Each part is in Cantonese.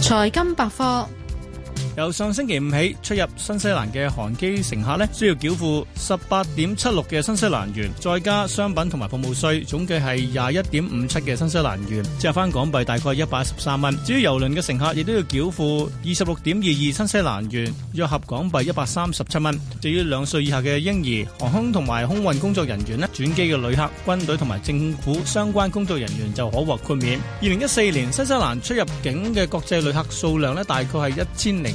財金百科。由上星期五起，出入新西蘭嘅航機乘客咧，需要繳付十八點七六嘅新西蘭元，再加商品同埋服務稅，總計係廿一點五七嘅新西蘭元，折合翻港幣大概一百一十三蚊。至於遊輪嘅乘客亦都要繳付二十六點二二新西蘭元，約合港幣一百三十七蚊。至於兩歲以下嘅嬰兒、航空同埋空運工作人員咧，轉機嘅旅客、軍隊同埋政府相關工作人員就可獲豁免。二零一四年新西蘭出入境嘅國際旅客數量咧，大概係一千零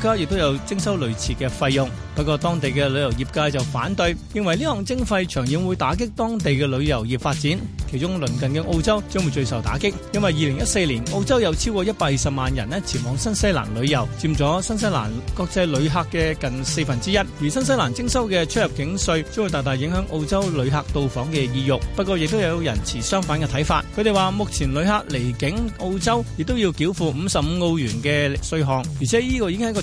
家亦都有徵收類似嘅費用，不過當地嘅旅遊業界就反對，認為呢項徵費長遠會打擊當地嘅旅遊業發展。其中鄰近嘅澳洲將會最受打擊，因為2014年澳洲有超過120萬人咧前往新西蘭旅遊，佔咗新西蘭國際旅客嘅近四分之一。而新西蘭徵收嘅出入境稅將會大大影響澳洲旅客到訪嘅意欲。不過亦都有人持相反嘅睇法，佢哋話目前旅客離境澳洲亦都要繳付55澳元嘅稅項，而且呢個已經係一個。